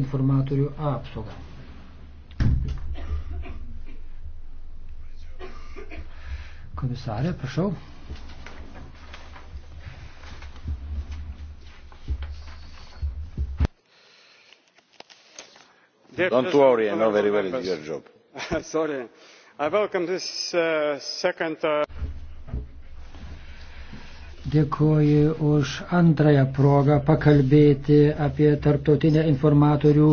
informatorių apsaugą. Komisarė, prašau. Don't worry, I know very well your job. Sorry. I welcome this uh, second. Uh... Dėkuoju už antrąją progą pakalbėti apie tarptautinę informatorių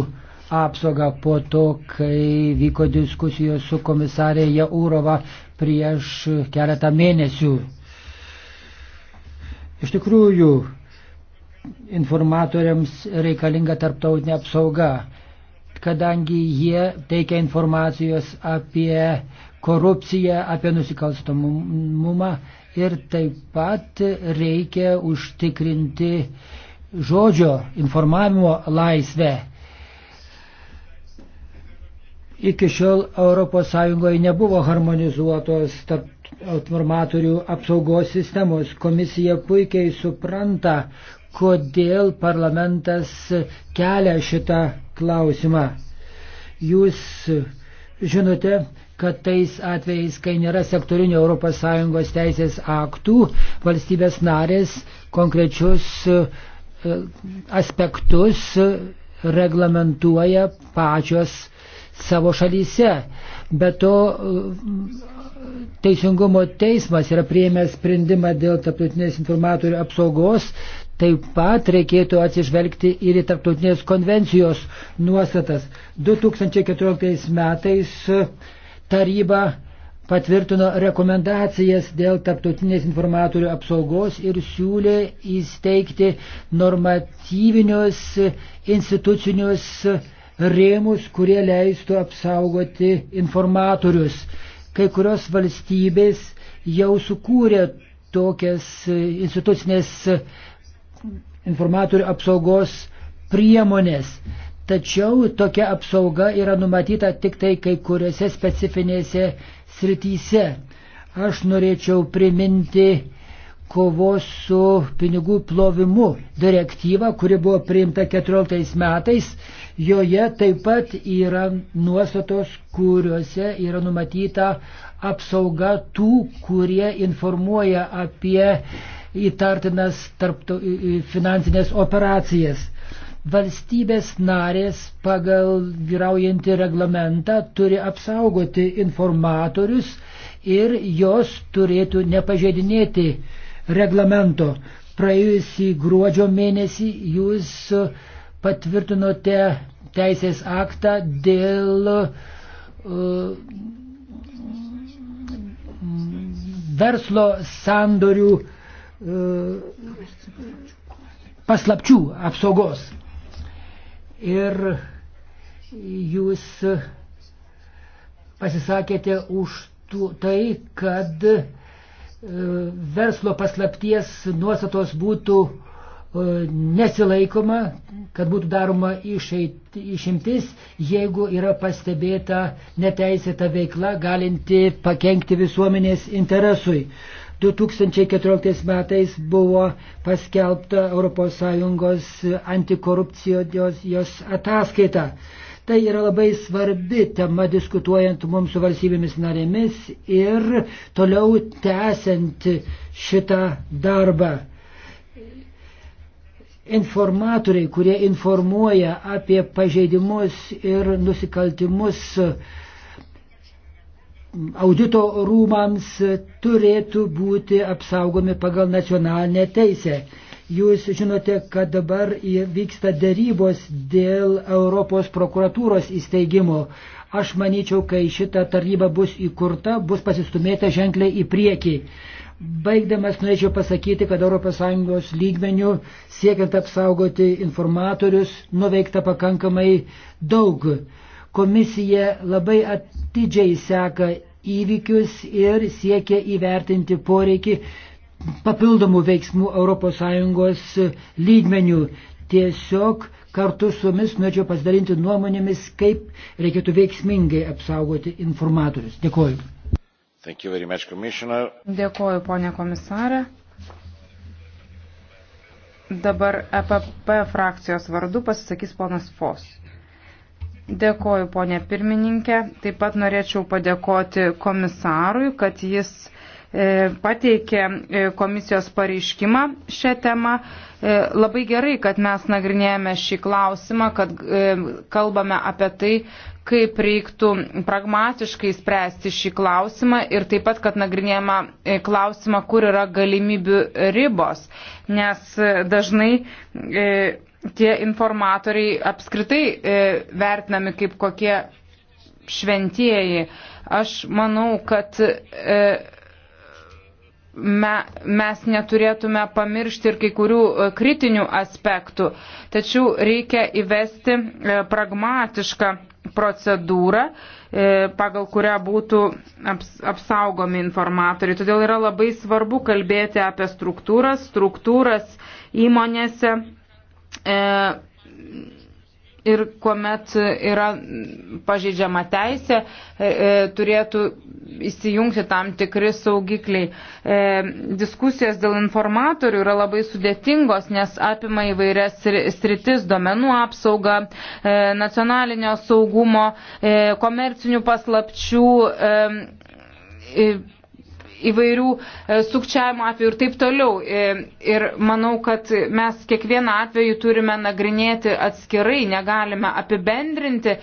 apsaugą po to, kai vyko diskusijos su komisarė Jaurova prieš keletą mėnesių. Iš tikrųjų, informatoriams reikalinga tarptautinė apsauga, kadangi jie teikia informacijos apie korupciją, apie nusikalstamumą ir taip pat reikia užtikrinti žodžio informavimo laisvę. Iki šiol ES nebuvo harmonizuotos tarp informatorių apsaugos sistemos. Komisija puikiai supranta, kodėl parlamentas kelia šitą klausimą. Jūs žinote, kad tais atvejais, kai nėra sektorinio ES teisės aktų, valstybės narės konkrečius e, aspektus reglamentuoja pačios savo šalyse. Be to, e, Teisingumo teismas yra prieimęs sprendimą dėl tarptautinės informatorių apsaugos, Taip pat reikėtų atsižvelgti ir į tarptautinės konvencijos nuostatas. 2014 metais taryba patvirtino rekomendacijas dėl tarptautinės informatorių apsaugos ir siūlė įsteigti normatyvinius institucinius rėmus, kurie leistų apsaugoti informatorius. Kai kurios valstybės jau sukūrė tokias institucinės informatorių apsaugos priemonės. Tačiau tokia apsauga yra numatyta tik tai kai kuriuose specifinėse srityse. Aš norėčiau priminti kovos su pinigų plovimu direktyvą, kuri buvo priimta 14 metais. Joje taip pat yra nuostatos, kuriuose yra numatyta apsauga tų, kurie informuoja apie įtartinas tarpto, finansinės operacijas valstybės narės pagal vyraujantį reglamentą turi apsaugoti informatorius ir jos turėtų nepažeidinėti reglamento. Praėjusį gruodžio mėnesį jūs patvirtinote teisės aktą dėl uh, verslo sandorių uh, paslapčių apsaugos ir jūs pasisakėte už tų, tai, kad e, verslo paslapties nuostatos būtų e, nesilaikoma, kad būtų daroma išeit, išimtis, jeigu yra pastebėta neteisėta veikla galinti pakengti visuomenės interesui. 2014 metais buvo paskelbta ES antikorupcijos ataskaita. Tai yra labai svarbi tema diskutuojant mums su valstybėmis narėmis ir toliau tęsiant šitą darbą. Informatoriai, kurie informuoja apie pažeidimus ir nusikaltimus, audito rūmams turėtų būti apsaugomi pagal nacionalinę teisę. Jūs žinote, kad dabar vyksta dėrybos dėl Europos prokuratūros įsteigimo. Aš manyčiau, kai šita taryba bus įkurta, bus pasistumėta ženkliai į priekį. Baigdamas norėčiau pasakyti, kad ES lygmenių siekiant apsaugoti informatorius nuveikta pakankamai daug. Komisija labai atidžiai seka įvykius ir siekia įvertinti poreikį papildomų veiksmų ES lygmenių. Tiesiog kartu su jumis norėčiau pasidalinti nuomonėmis, kaip reikėtų veiksmingai apsaugoti informatorius. Dėkuoju. Much, Dėkuoju, ponė komisarė. Dabar EPP frakcijos vardu pasisakys ponas Fos. Dėkoju, ponė pirmininkė. Taip pat norėčiau padėkoti komisarui, kad jis e, pateikė e, komisijos pareiškimą šią temą. E, labai gerai, kad mes nagrinėjame šį klausimą, kad kalbame apie tai, kaip reiktų pragmatiškai spręsti šį klausimą ir taip pat, kad nagrinėjama klausimą, kur yra galimybių ribos. Nes dažnai tie informatoriai apskritai e, vertinami kaip kokie šventieji. Aš manau, kad e, me, mes neturėtume pamiršti ir kai kurių e, kritinių aspektų. Tačiau reikia įvesti e, pragmatišką procedūrą, e, pagal kurią būtų apsaugomi informatoriai. Todėl yra labai svarbu kalbėti apie struktūras, struktūras įmonėse, E, ir kuomet yra pažeidžiama teisė, e, e, turėtų įsijungti tam tikri saugikliai. Diskusijos dėl informatorių yra labai sudėtingos, nes apima įvairias sritis - domenų apsaugą, nacionalinio saugumo, komercinių paslapčių įvairių e, sukčiavimo atvejų ir taip toliau. E, ir manau, kad mes kiekvieną atvejį turime nagrinėti atskirai, negalime apibendrinti e,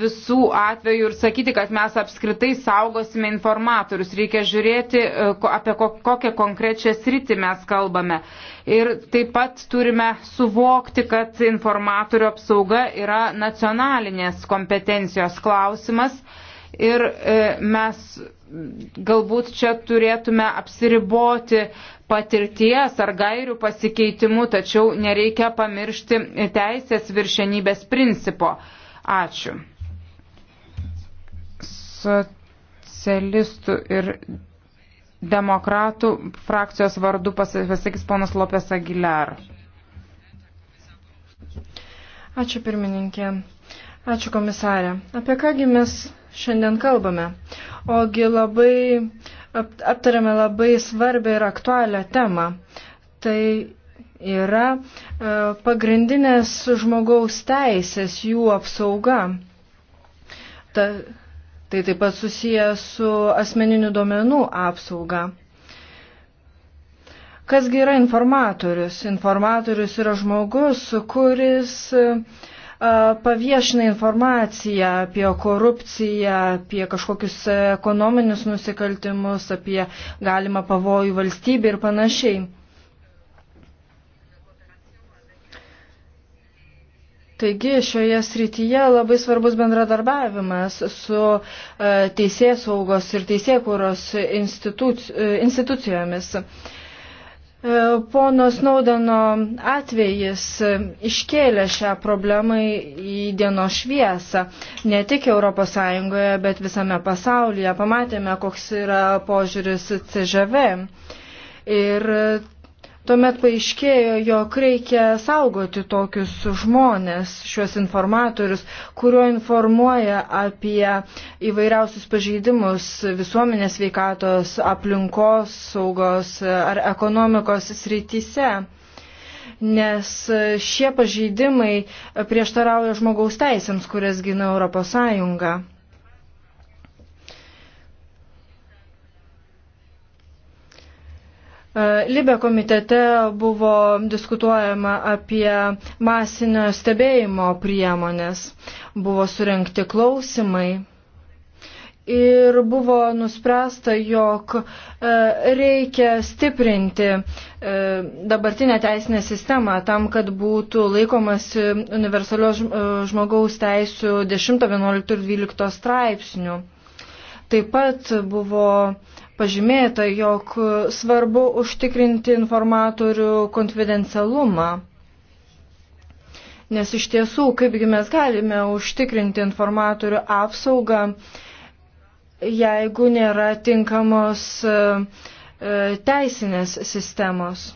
visų atvejų ir sakyti, kad mes apskritai saugosime informatorius. Reikia žiūrėti, apie kokią konkrečią sritį mes kalbame. Ir taip pat turime suvokti, kad informatorių apsauga yra nacionalinės kompetencijos klausimas. Ir mes galbūt čia turėtume apsiriboti patirties ar gairių pasikeitimu, tačiau nereikia pamiršti teisės viršenybės principo. Ačiū. Socialistų ir demokratų frakcijos vardu pasakys ponas Lopes Aguilar. Ačiū pirmininkė. Ačiū komisarė. Apie kągi mes šiandien kalbame? ogi labai aptarėme labai svarbę ir aktualią temą. Tai yra e, pagrindinės žmogaus teisės, jų apsauga. Ta, tai taip pat susiję su asmeninių duomenų apsauga. Kasgi yra informatorius? Informatorius yra žmogus, kuris uh, paviešina informaciją apie korupciją, apie kažkokius ekonominius nusikaltimus, apie galimą pavojų valstybė ir panašiai. Taigi šioje srityje labai svarbus bendradarbiavimas su teisėsaugos ir teisėkūros institucijomis. E, pono Snaudano atvejis e, iškėlė šią problemą į dienos šviesą. Ne tik ES, bet visame pasaulyje pamatėme, koks yra požiūris CŽV. Ir Tuomet paaiškėjo, jog reikia saugoti tokius žmonės, šiuos informatorius, kurio informuoja apie įvairiausius pažeidimus visuomenės veikatos, aplinkos, saugos ar ekonomikos srityse. Nes šie pažeidimai prieštarauja žmogaus teisėms, kurias gina Europos Sąjunga. Libė komitete buvo diskutuojama apie masinio stebėjimo priemonės, buvo surinkti klausimai ir buvo nuspręsta, jog e, reikia stiprinti e, dabartinę teisinę sistemą tam, kad būtų laikomasi universalios e, žmogaus teisų 10, 11 ir 12 straipsnių. Taip pat buvo pažymėta, jog svarbu užtikrinti informatorių konfidencialumą. Nes iš tiesų, kaipgi mes galime užtikrinti informatorių apsaugą, jeigu nėra tinkamos e, e, teisinės sistemos.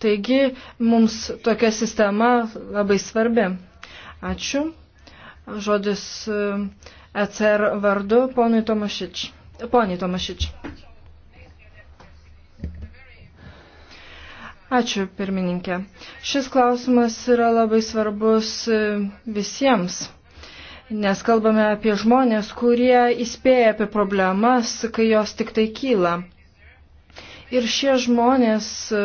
Taigi mums tokia sistema labai svarbi. Ačiū. Žodis uh, ECR vardu ponui Tomašič. Poniai Tomašič. Ačiū, pirmininkė. Šis klausimas yra labai svarbus e, visiems. Nes kalbame apie žmonės, kurie įspėja apie problemas, kai jos tik tai kyla. Ir šie žmonės e,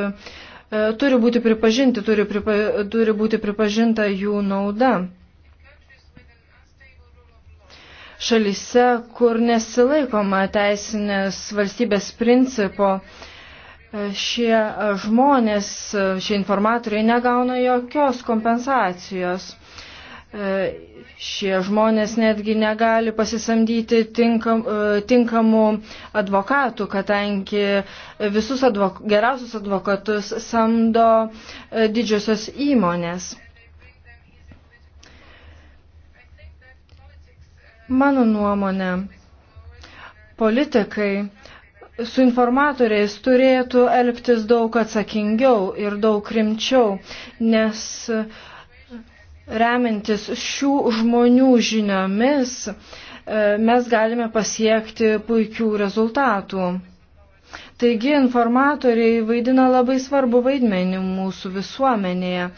turi būti pripažinti, turi, pripa, turi būti pripažinta jų nauda šalise, kur nesilaikoma teisinės valstybės principo. Šie žmonės, šie informatoriai negauna jokios kompensacijos. Šie žmonės netgi negali pasisamdyti tinkam, tinkamų advokatų, kadangi visus advok, geriausius advokatus samdo didžiosios įmonės. Mano nuomonė, politikai su informatoriais turėtų elgtis daug atsakingiau ir daug rimčiau, nes remintis šių žmonių žiniomis e, mes galime pasiekti puikių rezultatų. Taigi informatoriai vaidina labai svarbu vaidmenį mūsų visuomenėje.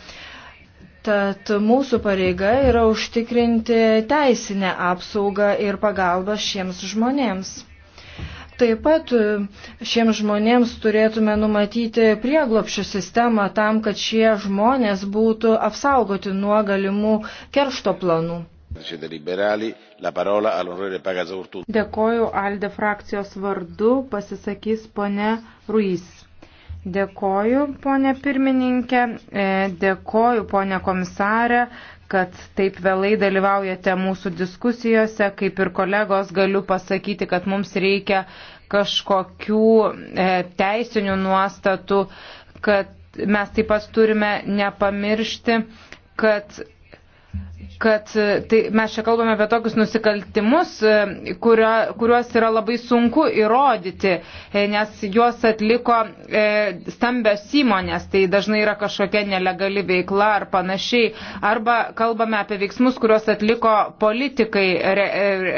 Tad mūsų pareiga yra užtikrinti teisinę apsaugą ir pagalbą šiems žmonėms. Taip pat šiems žmonėms turėtume numatyti prieglopščio sistemą tam, kad šie žmonės būtų apsaugoti nuo galimų keršto planų. Dėkoju Alde frakcijos vardu, pasisakys pone Ruiz. Dėkoju, ponė pirmininkė, e, dėkoju, ponė komisarė, kad taip vėlai dalyvaujate mūsų diskusijose. Kaip ir kolegos galiu pasakyti, kad mums reikia kažkokių e, teisinių nuostatų, kad mes taip pat turime nepamiršti, kad kad e, tai mes čia kalbame apie tokius nusikaltimus, e, kurio, kuriuos yra labai sunku įrodyti, e, nes juos atliko e, stambios įmonės, tai dažnai yra kažkokia nelegali veikla ar panašiai. Arba kalbame apie veiksmus, kuriuos atliko politikai, re,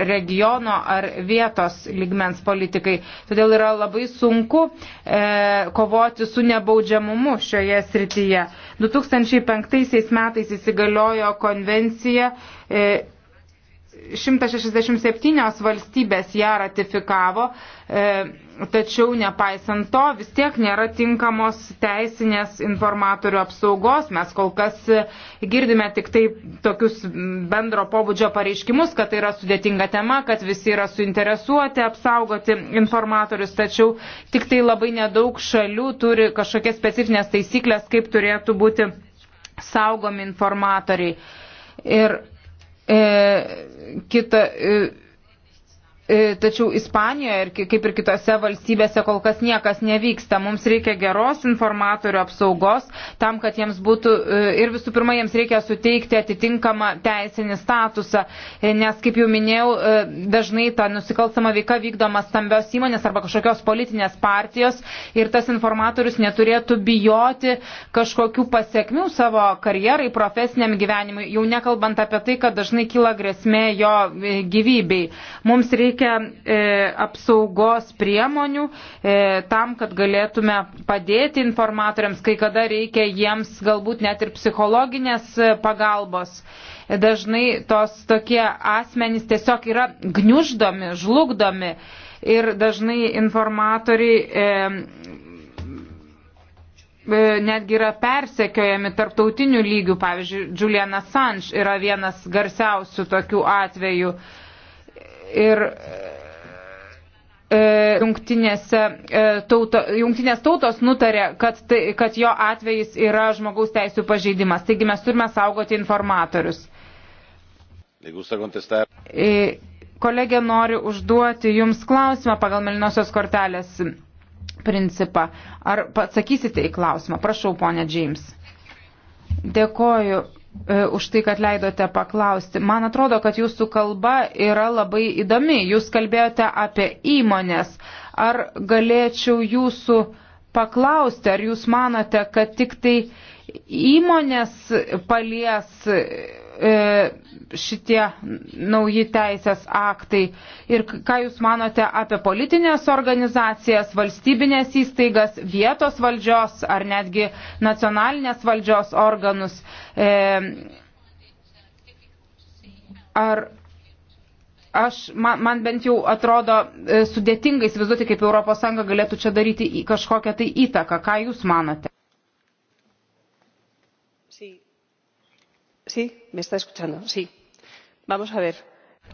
regiono ar vietos ligmens politikai. Todėl yra labai sunku e, kovoti su nebaudžiamumu šioje srityje. 2005 metais įsigaliojo konvencija konvenciją. 167 e, valstybės ją ratifikavo, e, tačiau nepaisant to vis tiek nėra tinkamos teisinės informatorių apsaugos. Mes kol kas girdime tik tai tokius bendro pobūdžio pareiškimus, kad tai yra sudėtinga tema, kad visi yra suinteresuoti apsaugoti informatorius, tačiau tik tai labai nedaug šalių turi kažkokias specifines taisyklės, kaip turėtų būti saugomi informatoriai ir e, kita. E, E, tačiau Ispanijoje ir kaip ir kitose valstybėse kol kas niekas nevyksta. Mums reikia geros informatorių apsaugos tam, kad jiems būtų e, ir visų pirma jiems reikia suteikti atitinkamą teisinį statusą, e, nes kaip jau minėjau, dažnai ta nusikalstama veika vykdoma stambios įmonės arba kažkokios politinės partijos ir tas informatorius neturėtų bijoti kažkokių pasiekmių savo karjerai, profesiniam gyvenimui, jau nekalbant apie tai, kad dažnai kyla grėsmė jo gyvybei. Mums reikia reikia e, apsaugos priemonių e, tam, kad galėtume padėti informatoriams, kai kada reikia jiems galbūt net ir psichologinės e, pagalbos. Dažnai tos tokie asmenys tiesiog yra gniuždomi, žlugdomi ir dažnai informatoriai e, e netgi yra persekiojami tarptautinių lygių, pavyzdžiui, Julian Assange yra vienas garsiausių tokių atvejų. E, ir e, e, jungtinėse, e, tauto, jungtinės tautos nutarė, kad, tai, kad jo atvejis yra žmogaus teisų pažeidimas. Taigi mes turime saugoti informatorius. Kolegė nori užduoti Jums klausimą pagal melinosios kortelės principą. Ar atsakysite į klausimą? Prašau, ponė James. Dėkoju. E, už tai, kad leidote paklausti. Man atrodo, kad jūsų kalba yra labai įdomi. Jūs kalbėjote apie įmonės. Ar galėčiau jūsų paklausti, ar jūs manote, kad tik tai įmonės palies E, šitie nauji teisės aktai ir ką Jūs manote apie politinės organizacijas, valstybinės įstaigas, vietos valdžios ar netgi nacionalinės valdžios organus. E, ar aš, man, man bent jau atrodo e, sudėtingai įsivaizduoti, kaip ES galėtų čia daryti kažkokią tai įtaką. Ką Jūs manote? Sí. Sí, me está escuchando, sí. Vamos a ver.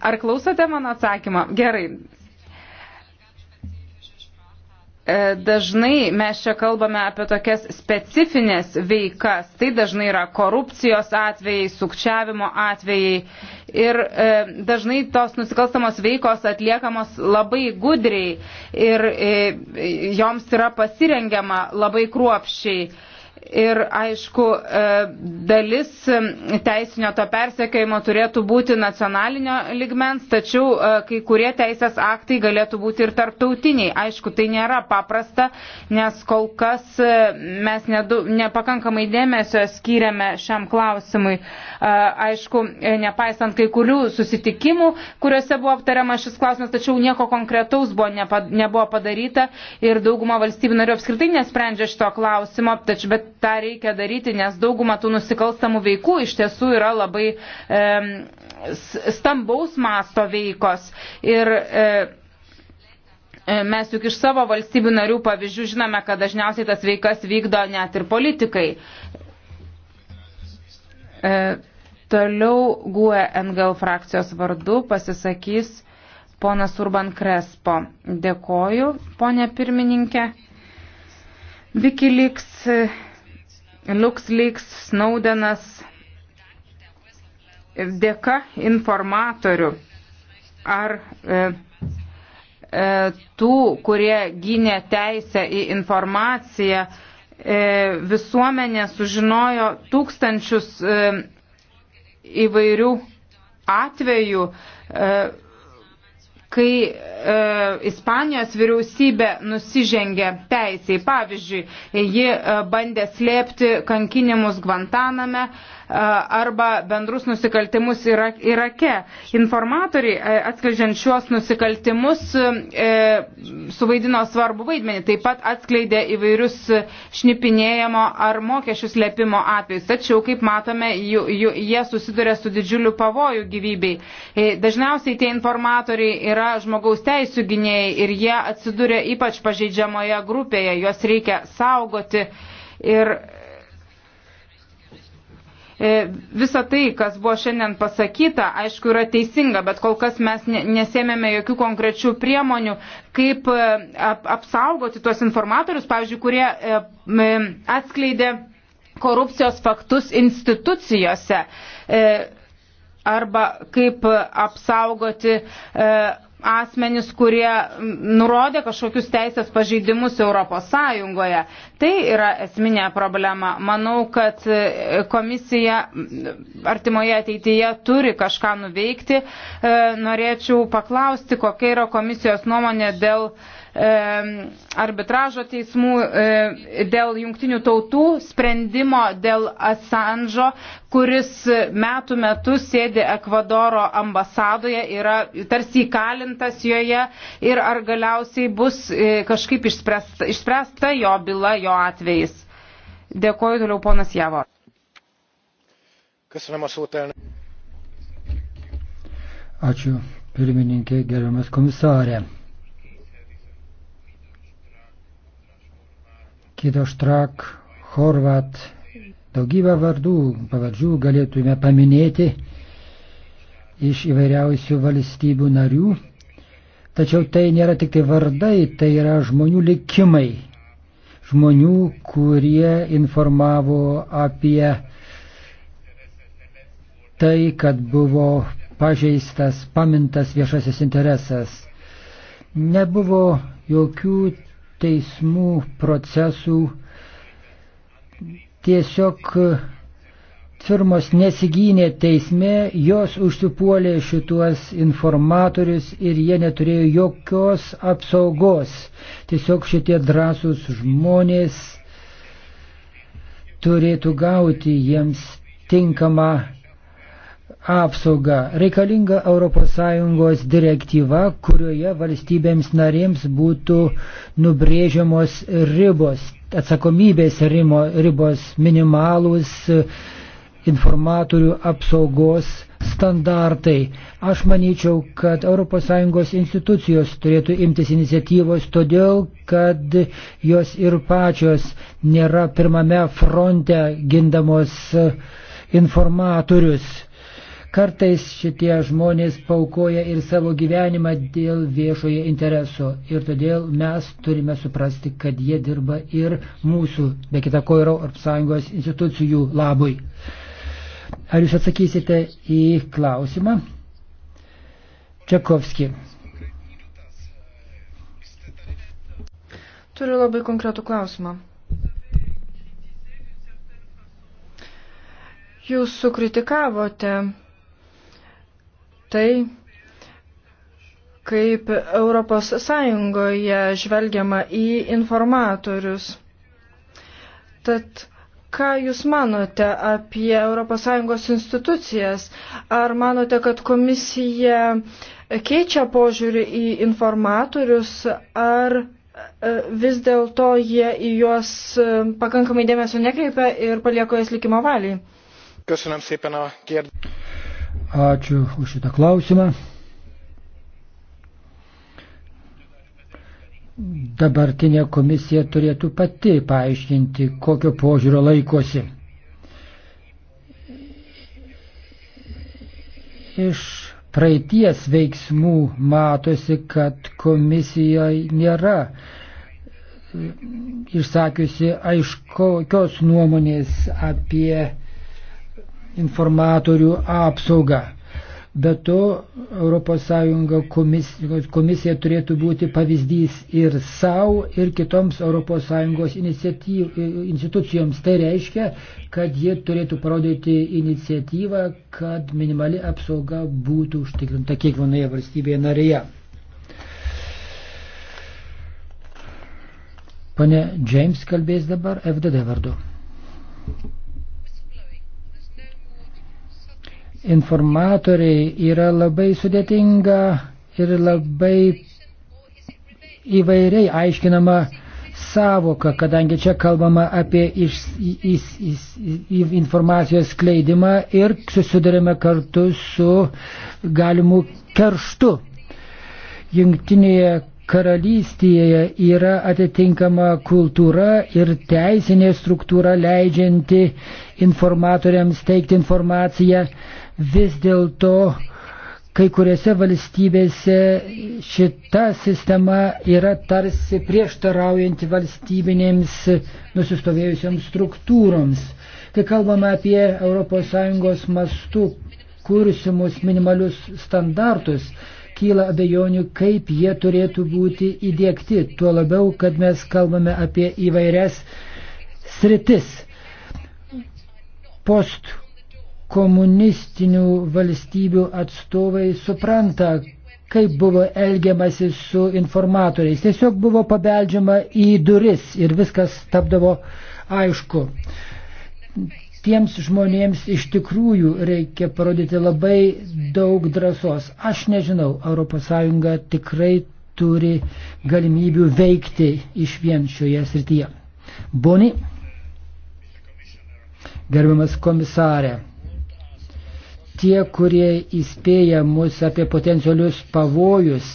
Ar klausote mano atsakymą? Gerai. E, dažnai mes čia kalbame apie tokias specifines veikas. Tai dažnai yra korupcijos atvejai, sukčiavimo atvejai. Ir e, dažnai tos nusikalstamos veikos atliekamos labai gudriai ir e, joms yra pasirengiama labai kruopščiai. E, Ir aišku, e, dalis e, teisinio to persekėjimo turėtų būti nacionalinio ligmens, tačiau e, kai kurie teisės aktai galėtų būti ir tarptautiniai. Aišku, tai nėra paprasta, nes kol kas mes nedu, nepakankamai dėmesio skiriame šiam klausimui. Aišku, nepaisant kai kurių susitikimų, kuriuose buvo aptariama šis klausimas, tačiau nieko konkretaus buvo, nepa, nebuvo padaryta ir dauguma valstybių narių apskritai nesprendžia šito klausimo. Tačiau, bet tą reikia daryti, nes dauguma tų nusikalstamų veikų iš tiesų yra labai e, stambaus masto veikos. Ir, e, e, Mes juk iš savo valstybių narių pavyzdžių žinome, kad dažniausiai tas veikas vykdo net ir politikai. E, toliau GUE NGL frakcijos vardu pasisakys ponas Urban Krespo. Dėkoju, ponė pirmininkė. Vikiliks LuxLeaks, Snowdenas, dėka informatorių ar e, e, tų, kurie gynė teisę į informaciją, e, visuomenė sužinojo tūkstančius e, įvairių atvejų. E, kai e, Ispanijos vyriausybė nusižengė teisiai. Pavyzdžiui, ji e, bandė slėpti kankinimus Gvantaname, e, arba bendrus nusikaltimus Irake. Informatoriai atskleidžiant šiuos nusikaltimus e, suvaidino svarbu vaidmenį, taip pat atskleidė įvairius šnipinėjimo ar mokesčių slėpimo atvejus. Tačiau, kaip matome, jų, jų, jie susiduria su didžiuliu pavoju gyvybei. E, dažniausiai tie informatoriai yra žmogaus teisų gynėjai ir jie atsiduria ypač pažeidžiamoje grupėje, juos reikia saugoti. Ir E, visa tai, kas buvo šiandien pasakyta, aišku, yra teisinga, bet kol kas mes nesėmėme jokių konkrečių priemonių, kaip e, apsaugoti tuos informatorius, pavyzdžiui, kurie e, atskleidė korupcijos faktus institucijose arba kaip apsaugoti asmenys, kurie nurodė kažkokius teisės pažeidimus Europos Sąjungoje. Tai yra esminė problema. Manau, kad komisija artimoje ateityje turi kažką nuveikti. E, norėčiau paklausti, kokia yra komisijos nuomonė dėl uh, arbitražo teismų dėl jungtinių tautų sprendimo dėl Assange'o, kuris metų metus sėdi Ekvadoro ambasadoje, yra tarsi įkalintas joje ir ar galiausiai bus e, kažkaip išspręsta, išspręsta jo byla, jo atvejais. Dėkoju toliau ponas Javor. Ačiū pirmininkė, gerbiamas komisarė. Kido Štrak, Horvat, daugybę vardų, pavardžių galėtume paminėti iš įvairiausių valstybių narių. Tačiau tai nėra tik tai vardai, tai yra žmonių likimai. Žmonių, kurie informavo apie tai, kad buvo pažeistas, pamintas viešasis interesas. Nebuvo jokių teismų procesų tiesiog firmos nesigynė teisme, jos užsipuolė šituos informatorius ir jie neturėjo jokios apsaugos. Tiesiog šitie drąsūs žmonės turėtų gauti jiems tinkamą apsaugą. Reikalinga ES direktyva, kurioje valstybėms narėms būtų nubrėžiamos ribos, atsakomybės rimo, ribos minimalus informatorių apsaugos standartai. Aš manyčiau, kad ES institucijos turėtų imtis iniciatyvos todėl, kad jos ir pačios nėra pirmame fronte gindamos informatorius Kartais šitie žmonės paukoja ir savo gyvenimą dėl viešoje intereso ir todėl mes turime suprasti, kad jie dirba ir mūsų, be kita ko, Europos Sąjungos institucijų labui. Ar jūs atsakysite į klausimą? Čekovski. Turiu labai konkretų klausimą. Jūs sukritikavote tai, kaip ES žvelgiama į informatorius. Tad ką Jūs manote apie ES institucijas? Ar manote, kad komisija keičia požiūrį į informatorius, ar e, vis dėlto jie į juos e, pakankamai dėmesio nekreipia ir palieko jas likimo valiai? Köszönöm szépen a kérdést. Ačiū už šitą klausimą. Dabartinė komisija turėtų pati paaiškinti, kokio požiūrio laikosi. Iš praeities veiksmų matosi, kad komisija nėra e, išsakiusi aiškokios nuomonės apie informatorių apsaugą. Be to, ES komisija, komisija turėtų būti pavyzdys ir savo, ir kitoms ES institucijoms. Tai reiškia, kad jie turėtų parodyti iniciatyvą, kad minimali apsauga būtų užtikrinta kiekvienoje valstybėje narėje. Pane James kalbės dabar FDD vardu. informatoriai yra labai sudėtinga ir labai įvairiai aiškinama savoka, kadangi čia kalbama apie iš, iš, iš, iš, informacijos skleidimą ir susidurime kartu su galimu kerštu. Jungtinėje karalystėje yra atitinkama kultūra ir teisinė struktūra leidžianti informatoriams teikti informaciją, vis dėlto kai kuriuose valstybėse šita sistema yra tarsi prieštaraujanti valstybinėms nusistovėjusiams struktūroms. Kai kalbame apie ES mastų kursimus minimalius standartus, kyla abejonių, kaip jie turėtų būti įdėkti, tuo labiau, kad mes kalbame apie įvairias sritis. Post komunistinių valstybių atstovai supranta, kaip buvo elgiamasi su informatoriais. Tiesiog buvo pabeldžiama į duris ir viskas tapdavo aišku. Tiems žmonėms iš tikrųjų reikia parodyti labai daug drąsos. Aš nežinau, ES tikrai turi galimybių veikti iš vien šioje srityje. Boni, gerbiamas komisarė, tie, kurie įspėja mus apie potencialius pavojus,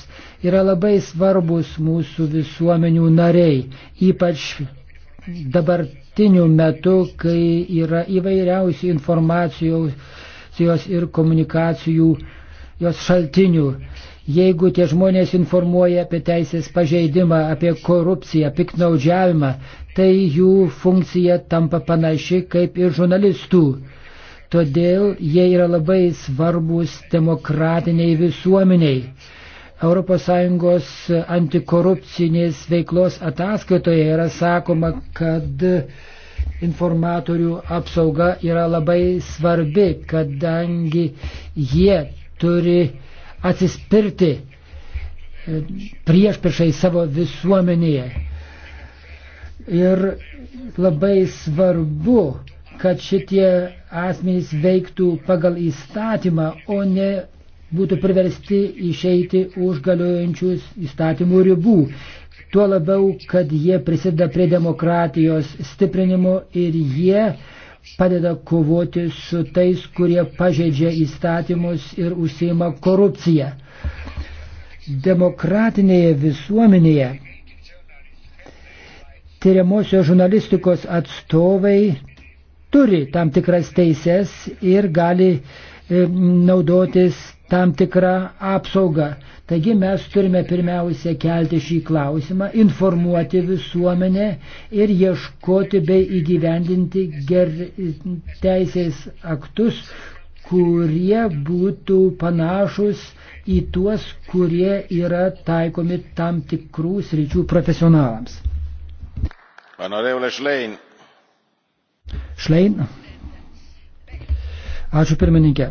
yra labai svarbus mūsų visuomenių nariai, ypač dabartiniu metu, kai yra įvairiausių informacijos ir komunikacijų jos šaltinių. Jeigu tie žmonės informuoja apie teisės pažeidimą, apie korupciją, piknaudžiavimą, tai jų funkcija tampa panaši kaip ir žurnalistų. Todėl jie yra labai svarbus demokratiniai visuomeniai. ES antikorupcinės veiklos ataskaitoje yra sakoma, kad informatorių apsauga yra labai svarbi, kadangi jie turi atsispirti e, prieš priešai savo visuomenėje. Ir labai svarbu kad šitie asmenys veiktų pagal įstatymą, o ne būtų priversti išeiti už galiojančius įstatymų ribų. Tuo labiau, kad jie prisideda prie demokratijos stiprinimo ir jie padeda kovoti su tais, kurie pažeidžia įstatymus ir užsima korupciją. Demokratinėje visuomenėje tyriamosios žurnalistikos atstovai turi tam tikras teises ir gali e, naudotis tam tikrą apsaugą. Taigi mes turime pirmiausia kelti šį klausimą, informuoti visuomenę ir ieškoti bei įgyvendinti ger... teisės aktus, kurie būtų panašus į tuos, kurie yra taikomi tam tikrų sričių profesionalams. Honorable Schlein, Šlein. Ačiū pirmininkė.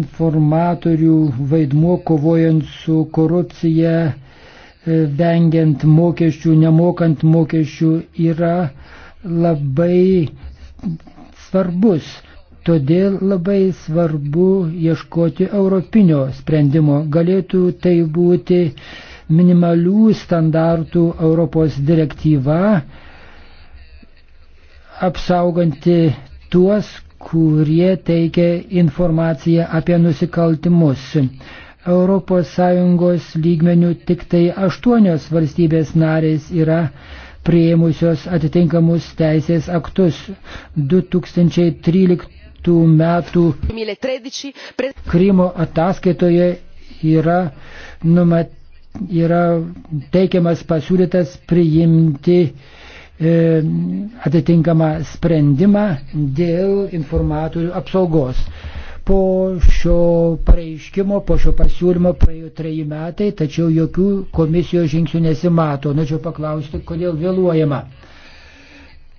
Informatorių vaidmuo kovojant su korupcija, e, vengiant mokesčių, nemokant mokesčių yra labai svarbus. Todėl labai svarbu ieškoti europinio sprendimo. Galėtų tai būti minimalių standartų Europos direktyva apsauganti tuos, kurie teikia informaciją apie nusikaltimus. ES lygmenių tik tai aštuonios valstybės narės yra prieimusios atitinkamus teisės aktus 2013 metų Krymo ataskaitoje yra numatyti yra teikiamas pasiūlytas priimti e, atitinkamą sprendimą dėl informatorių apsaugos. Po šio pareiškimo, po šio pasiūlymo praėjo treji metai, tačiau jokių komisijos žingsnių nesimato. Norėčiau paklausti, kodėl vėluojama.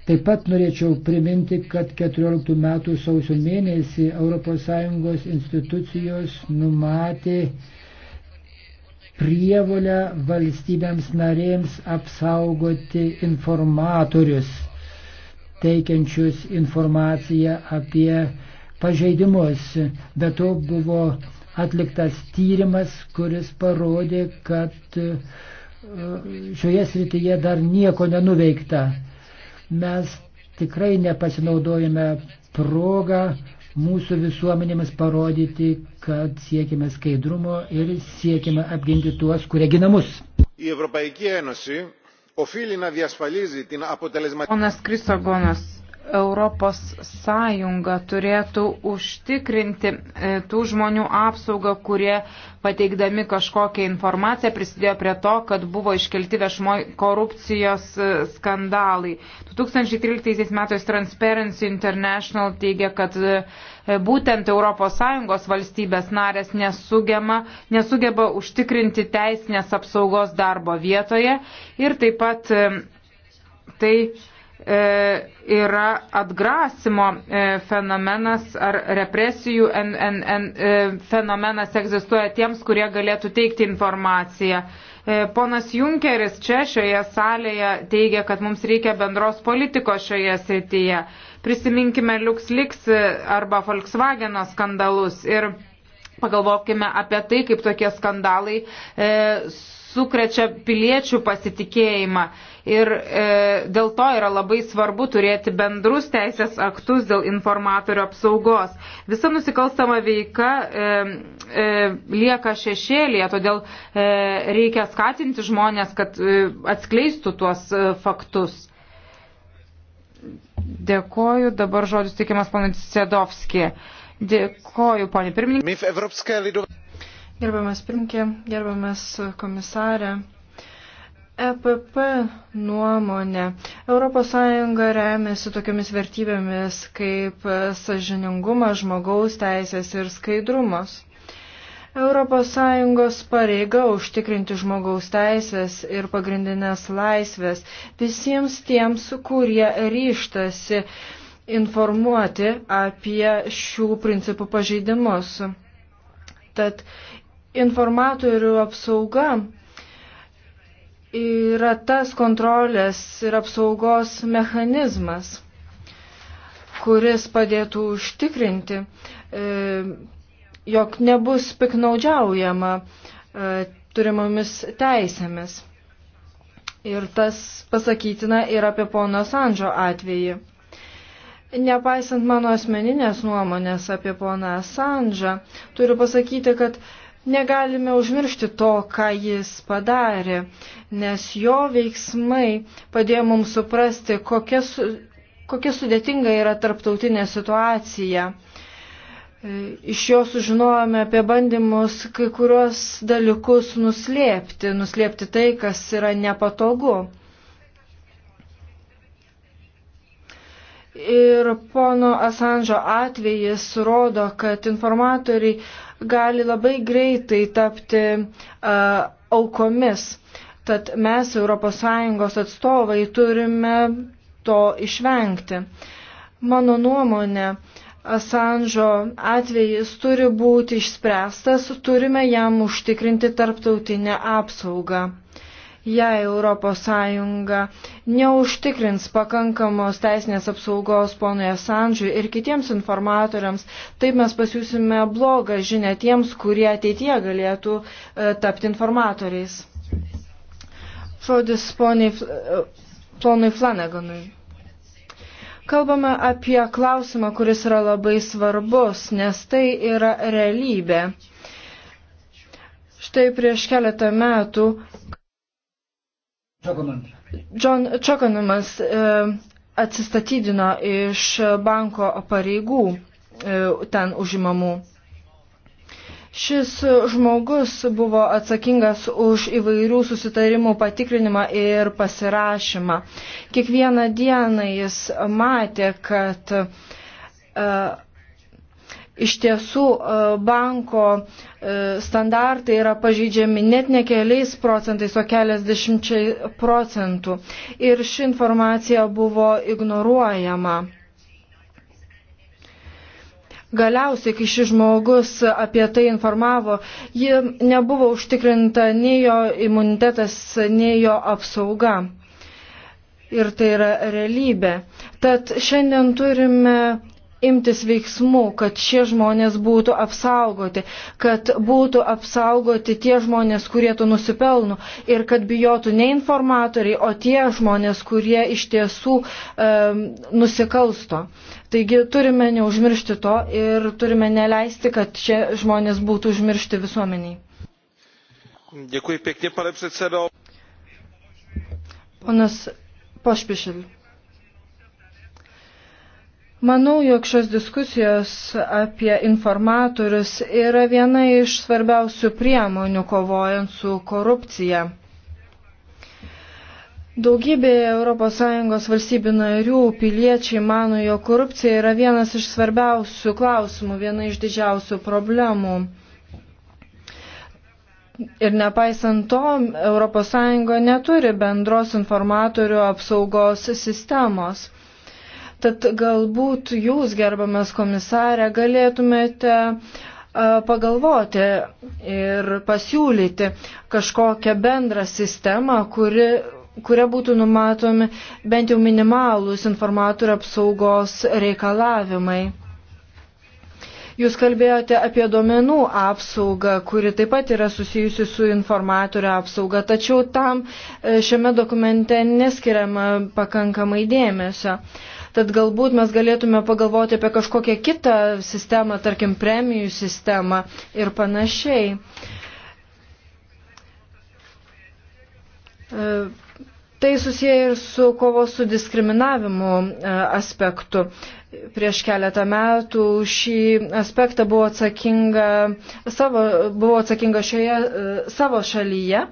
Taip pat norėčiau priminti, kad 14 metų sausio mėnesį ES institucijos numatė prievolę valstybėms narėms apsaugoti informatorius, teikiančius informaciją apie pažeidimus. Be to buvo atliktas tyrimas, kuris parodė, kad e, šioje srityje dar nieko nenuveikta. Mes tikrai nepasinaudojame progą mūsų visuomenėmis parodyti, kad siekime skaidrumo ir siekime apginti tuos, kurie ginamus. Ponas Krisogonas Europos Sąjunga turėtų užtikrinti e, tų žmonių apsaugą, kurie pateikdami kažkokią informaciją prisidėjo prie to, kad buvo iškelti viešmoj korupcijos e, skandalai. 2013 metais Transparency International teigia, kad e, būtent ES valstybės narės nesugeba, nesugeba užtikrinti teisinės apsaugos darbo vietoje ir taip pat tai E, yra atgrasimo e, fenomenas ar represijų en, en, en, e, fenomenas egzistuoja tiems, kurie galėtų teikti informaciją. Ponas Junkeris čia šioje salėje teigia, kad mums reikia bendros politikos šioje srityje. Prisiminkime LuxLeaks arba Volkswageno skandalus ir pagalvokime apie tai, kaip tokie skandalai e, sukrečia piliečių pasitikėjimą. Ir e, dėl to yra labai svarbu turėti bendrus teisės aktus dėl informatorių apsaugos. Visa nusikalstama veika e, e, lieka šešėlėje, todėl e, reikia skatinti žmonės, kad e, atskleistų tuos e, faktus. Dėkoju, dabar žodis tikimas ponui Sėdovskijai. Dėkoju, ponė pirmininkė. Gerbiamas Primkė, gerbiamas komisarė. EPP nuomonė. ES remiasi tokiamis vertybėmis kaip sažiningumas, žmogaus teisės ir skaidrumas. ES pareiga užtikrinti žmogaus teisės ir pagrindinės laisvės visiems tiems, kurie ryštasi informuoti apie šių principų pažeidimus. Tad informatorių apsauga yra tas kontrolės ir apsaugos mechanizmas, kuris padėtų užtikrinti, e, jog nebus piknaudžiaujama e, turimomis teisėmis. Ir tas pasakytina ir apie pono Sandžo atvejį. Nepaisant mano asmeninės nuomonės apie poną Sandžą, turiu pasakyti, kad negalime užmiršti to, ką jis padarė, nes jo veiksmai padėjo mums suprasti, kokia, su, kokia sudėtinga yra tarptautinė situacija. Iš jo sužinojome apie bandymus kai kurios dalykus nuslėpti, nuslėpti tai, kas yra nepatogu. Ir pono Asanžo atvejis rodo, kad informatoriai gali labai greitai tapti uh, aukomis. Tad mes, ES atstovai, turime to išvengti. Mano nuomonė, uh, Asanžo atvejis turi būti išspręstas, turime jam užtikrinti tarptautinę apsaugą jei ES neužtikrins pakankamos teisinės apsaugos ponui Assange'ui ir kitiems informatoriams, taip mes pasiūsime blogą žinę tiems, kurie ateityje galėtų e, tapti informatoriais. Žodis poniai, e, ponui Flanaganui. Kalbame apie klausimą, kuris yra labai svarbus, nes tai yra realybė. Štai prieš keletą metų John Čokanumas e, atsistatydino iš banko pareigų e, ten užimamų. Šis žmogus buvo atsakingas už įvairių susitarimų patikrinimą ir pasirašymą. Kiekvieną dieną jis matė, kad uh, iš tiesų e, banko e, standartai yra pažeidžiami net ne keliais procentais, o keliasdešimčiai procentų. Ir ši informacija buvo ignoruojama. Galiausiai, kai šis žmogus apie tai informavo, ji nebuvo užtikrinta nei jo imunitetas, nei jo apsauga. Ir tai yra realybė. Tad šiandien turime imtis veiksmų, kad šie žmonės būtų apsaugoti, kad būtų apsaugoti tie žmonės, kurie to nusipelno ir kad bijotų ne informatoriai, o tie žmonės, kurie iš tiesų e, nusikalsto. Taigi turime neužmiršti to ir turime neleisti, kad šie žmonės būtų užmiršti visuomeniai. Děkuji pěkně, pane předsedo. Ponas Pošpišil. Manau, jog šios diskusijos apie informatorius yra viena iš svarbiausių priemonių kovojant su korupcija. Daugybė ES valstybių narių piliečiai mano, jog korupcija yra vienas iš svarbiausių klausimų, viena iš didžiausių problemų. Ir nepaisant to, ES neturi bendros informatorių apsaugos sistemos. Tad galbūt jūs, gerbamas komisarė, galėtumėte pagalvoti ir pasiūlyti kažkokią bendrą sistemą, kuri kuria būtų numatomi bent jau minimalūs informatorių apsaugos reikalavimai. Jūs kalbėjote apie duomenų apsaugą, kuri taip pat yra susijusi su informatorių apsauga, tačiau tam e, šiame dokumente neskiriama pakankamai dėmesio. Uh, Tad galbūt mes galėtume pagalvoti apie kažkokią kitą sistemą, tarkim, premijų sistemą ir panašiai. E, tai susiję ir su kovos su diskriminavimu e, aspektu prieš keletą metų šį aspektą buvo atsakinga, savo, buvo atsakinga šioje e, savo šalyje,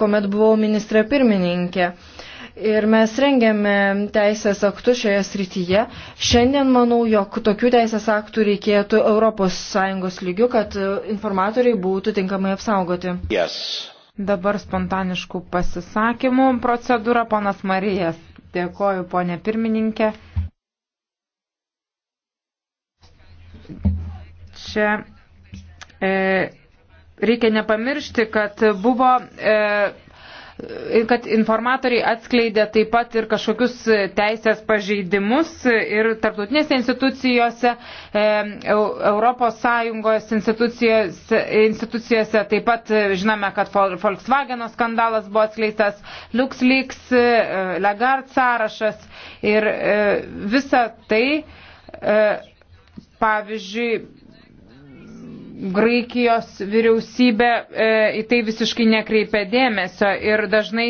kuomet buvau ministrė pirmininkė. Uh, ir mes rengiame teisės aktus šioje srityje. Šiandien manau, jog tokių teisės aktų reikėtų ES lygių, kad informatoriai būtų tinkamai apsaugoti. Yes. Dabar spontaniškų pasisakymų procedūra, ponas Marijas. Dėkoju, ponė pirmininkė. Čia e, reikia nepamiršti, kad buvo. E, kad informatoriai atskleidė taip pat ir kažkokius teisės pažeidimus ir tarptautinėse institucijose, e, Europos Sąjungos institucijose, institucijose taip pat e, žinome, kad Volkswageno skandalas buvo atskleistas, LuxLeaks, e, Legard sąrašas ir visa tai, pavyzdžiui, Graikijos vyriausybė e, į tai visiškai nekreipė dėmesio ir dažnai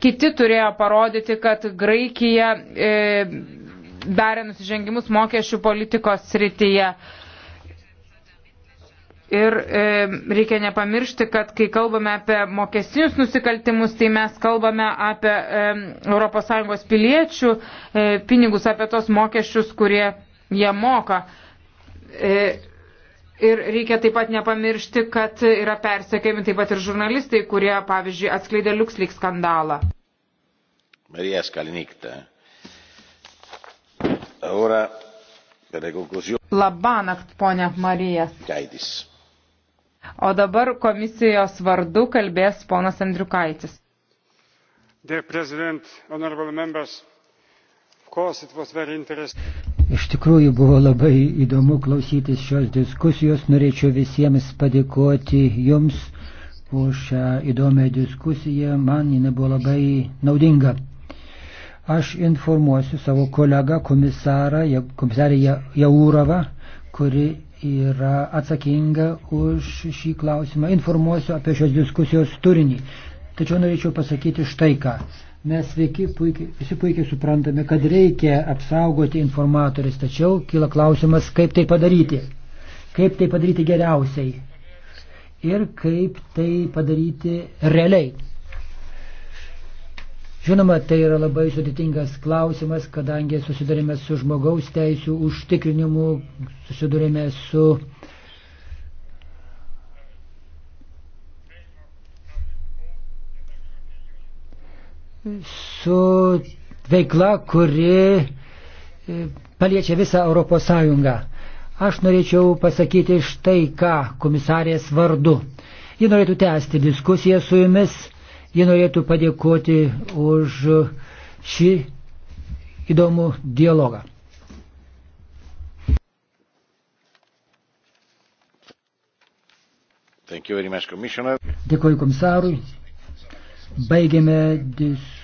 kiti turėjo parodyti, kad Graikija e, darė nusižengimus mokesčių politikos srityje. Ir e, reikia nepamiršti, kad kai kalbame apie mokesinius nusikaltimus, tai mes kalbame apie e, ES piliečių e, pinigus, apie tos mokesčius, kurie jie moka. E, Ir reikia taip pat nepamiršti, kad yra persekiami taip pat ir žurnalistai, kurie, pavyzdžiui, atskleidė LuxLeak skandalą. Marija Skalnikta. Ora, Labanakt, ponia Marijas. Kaidis. O dabar komisijos vardu kalbės ponas Andriukaitis. Dear President, honorable members, of course it was very interesting. Iš tikrųjų buvo labai įdomu klausytis šios diskusijos. Norėčiau visiems padėkoti jums už šią įdomią diskusiją. Man jinai buvo labai naudinga. Aš informuosiu savo kolegą komisarą, komisarį Jaūrovą, kuri yra atsakinga už šį klausimą. Informuosiu apie šios diskusijos turinį. Tačiau norėčiau pasakyti štai ką. Mes visi puikiai, visi puikiai suprantame, kad reikia apsaugoti informatorius, tačiau kyla klausimas, kaip tai padaryti. Kaip tai padaryti geriausiai. Ir kaip tai padaryti realiai. Žinoma, tai yra labai sudėtingas klausimas, kadangi susidurime su žmogaus teisų užtikrinimu, susidurime su su veikla, kuri e, paliečia visą Europos Sąjungą. Aš norėčiau pasakyti štai ką komisarės vardu. Ji norėtų tęsti diskusiją su jumis, ji norėtų padėkoti už šį įdomų dialogą. Much, Dėkuoju komisarui. Baigėme diskusiją.